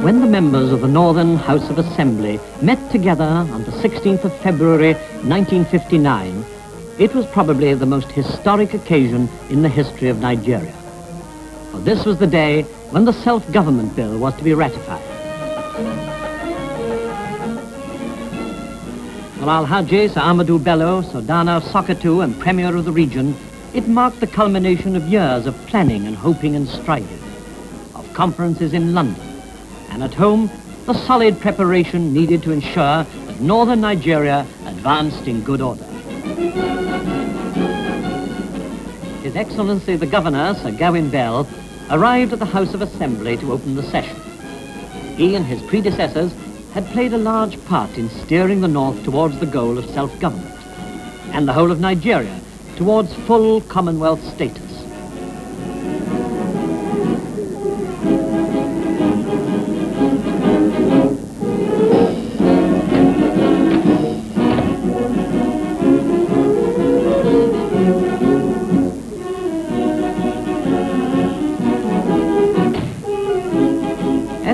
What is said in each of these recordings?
When the members of the Northern House of Assembly met together on the 16th of February 1959, it was probably the most historic occasion in the history of Nigeria for this was the day when the Self-Government Bill was to be ratified. For Al-Haji Sir Amadou Bello, Sodana Sokatu, and Premier of the region, it marked the culmination of years of planning and hoping and striving, of conferences in London, and at home, the solid preparation needed to ensure that northern Nigeria advanced in good order. His Excellency the Governor, Sir Gawain Bell, arrived at the House of Assembly to open the session. He and his predecessors had played a large part in steering the North towards the goal of self-government, and the whole of Nigeria towards full Commonwealth status.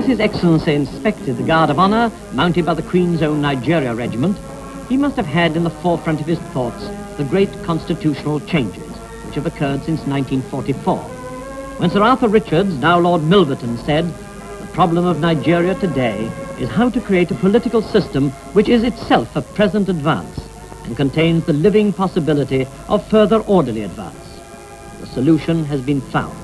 As His Excellency inspected the Guard of Honour, mounted by the Queen's own Nigeria Regiment, he must have had in the forefront of his thoughts the great constitutional changes which have occurred since 1944, when Sir Arthur Richards, now Lord Milverton, said, the problem of Nigeria today is how to create a political system which is itself a present advance and contains the living possibility of further orderly advance. The solution has been found.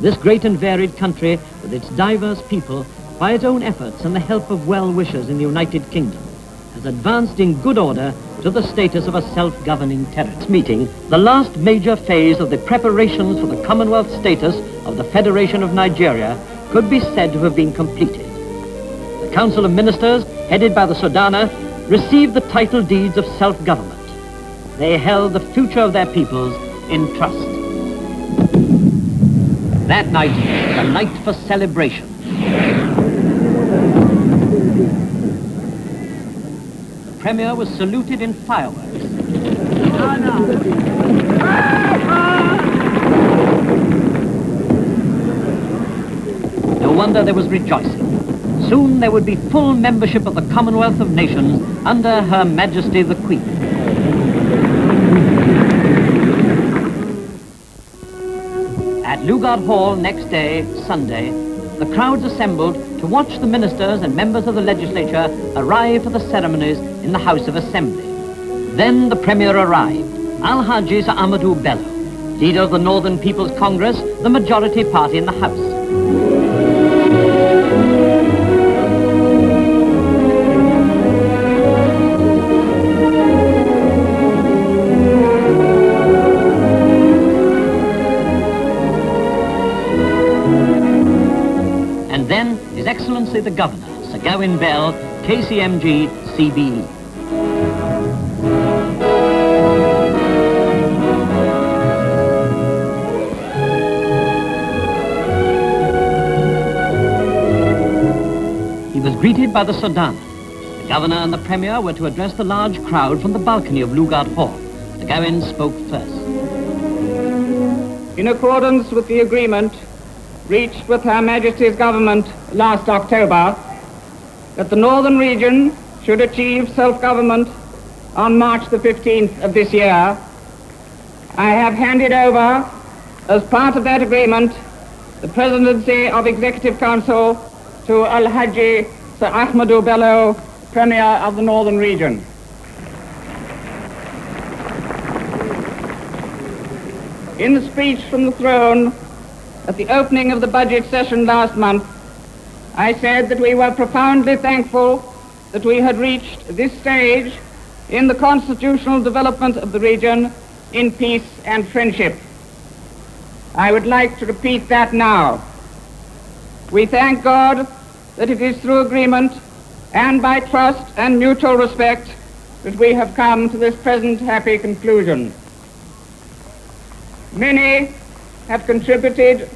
This great and varied country, with its diverse people, by its own efforts and the help of well-wishers in the United Kingdom, has advanced in good order to the status of a self-governing territory. meeting, the last major phase of the preparations for the Commonwealth status of the Federation of Nigeria could be said to have been completed. The Council of Ministers, headed by the Sudana, received the title deeds of self-government. They held the future of their peoples in trust. That night, the night for celebration. The premier was saluted in fireworks. no wonder there was rejoicing. Soon there would be full membership of the Commonwealth of Nations under Her Majesty the Queen. Lugard Hall next day, Sunday, the crowds assembled to watch the ministers and members of the legislature arrive for the ceremonies in the House of Assembly. Then the Premier arrived, Al-Haji Sir Amadou Bello, leader of the Northern People's Congress, the majority party in the House. the Governor, Sir Gawain Bell, KCMG, CBE. He was greeted by the Sardana. The Governor and the Premier were to address the large crowd from the balcony of Lugard Hall. The Gawain spoke first. In accordance with the agreement reached with Her Majesty's Government last October that the northern region should achieve self-government on March the 15th of this year, I have handed over, as part of that agreement, the presidency of Executive Council to Al-Haji Sir Ahmadu Bello, Premier of the Northern Region. In the speech from the throne, at the opening of the budget session last month, I said that we were profoundly thankful that we had reached this stage in the constitutional development of the region in peace and friendship. I would like to repeat that now. We thank God that it is through agreement and by trust and mutual respect that we have come to this present happy conclusion. Many have contributed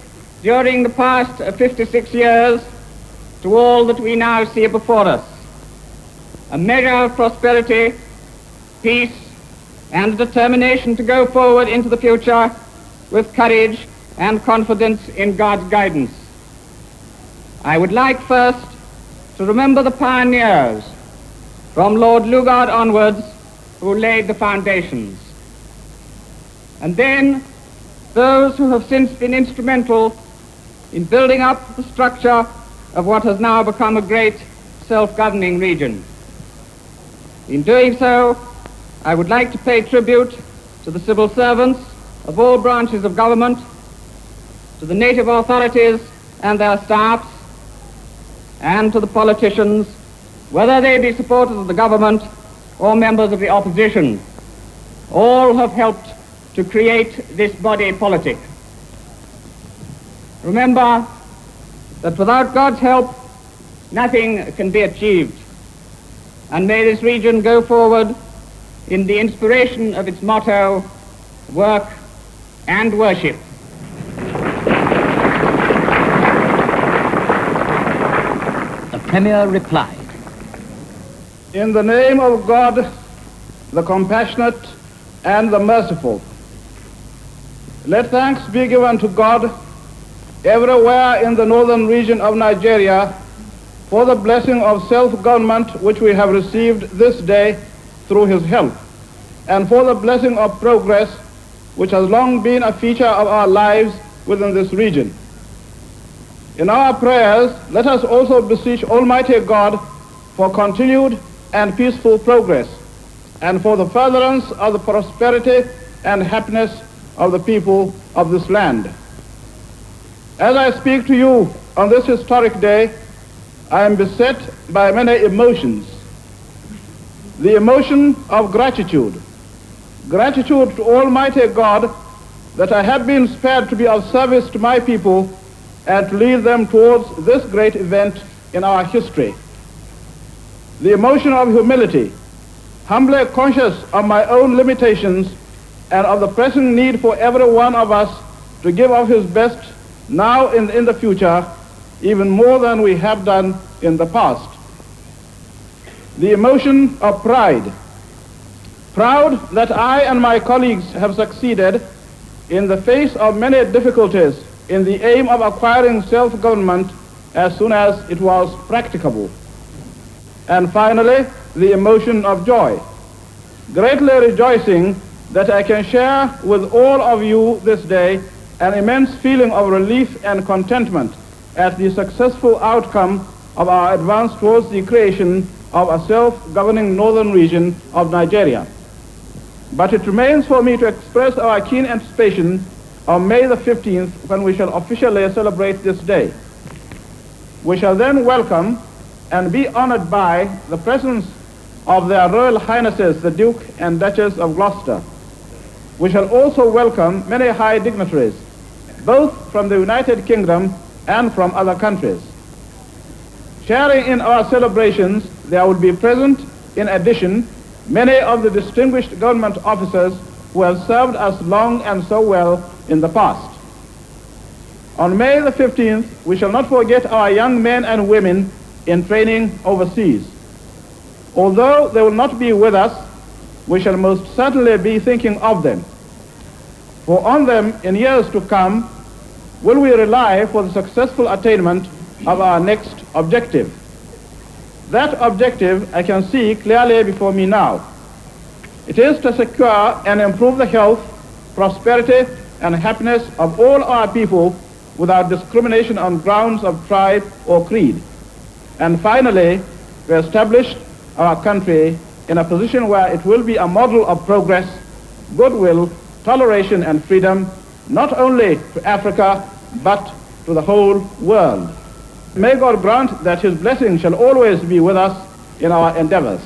during the past uh, 56 years to all that we now see before us. A measure of prosperity, peace, and determination to go forward into the future with courage and confidence in God's guidance. I would like first to remember the pioneers from Lord Lugard onwards who laid the foundations. And then those who have since been instrumental in building up the structure of what has now become a great self-governing region. In doing so, I would like to pay tribute to the civil servants of all branches of government, to the native authorities and their staffs, and to the politicians, whether they be supporters of the government or members of the opposition. All have helped to create this body politic. Remember that without God's help, nothing can be achieved. And may this region go forward in the inspiration of its motto, work and worship. The Premier replied. In the name of God, the compassionate and the merciful, let thanks be given to God everywhere in the northern region of Nigeria for the blessing of self-government which we have received this day through his help, and for the blessing of progress which has long been a feature of our lives within this region. In our prayers, let us also beseech Almighty God for continued and peaceful progress, and for the furtherance of the prosperity and happiness of the people of this land. As I speak to you on this historic day, I am beset by many emotions. The emotion of gratitude, gratitude to Almighty God that I have been spared to be of service to my people and to lead them towards this great event in our history. The emotion of humility, humbly conscious of my own limitations and of the pressing need for every one of us to give of his best now and in the future, even more than we have done in the past. The emotion of pride. Proud that I and my colleagues have succeeded in the face of many difficulties in the aim of acquiring self-government as soon as it was practicable. And finally, the emotion of joy. Greatly rejoicing that I can share with all of you this day an immense feeling of relief and contentment at the successful outcome of our advance towards the creation of a self-governing northern region of Nigeria. But it remains for me to express our keen anticipation on May the 15th when we shall officially celebrate this day. We shall then welcome and be honored by the presence of their Royal Highnesses, the Duke and Duchess of Gloucester. We shall also welcome many high dignitaries both from the United Kingdom and from other countries. Sharing in our celebrations, there will be present, in addition, many of the distinguished government officers who have served us long and so well in the past. On May the 15th, we shall not forget our young men and women in training overseas. Although they will not be with us, we shall most certainly be thinking of them for on them in years to come will we rely for the successful attainment of our next objective. That objective I can see clearly before me now. It is to secure and improve the health, prosperity, and happiness of all our people without discrimination on grounds of tribe or creed. And finally, we established our country in a position where it will be a model of progress, goodwill, toleration and freedom, not only to Africa, but to the whole world. May God grant that his blessing shall always be with us in our endeavors.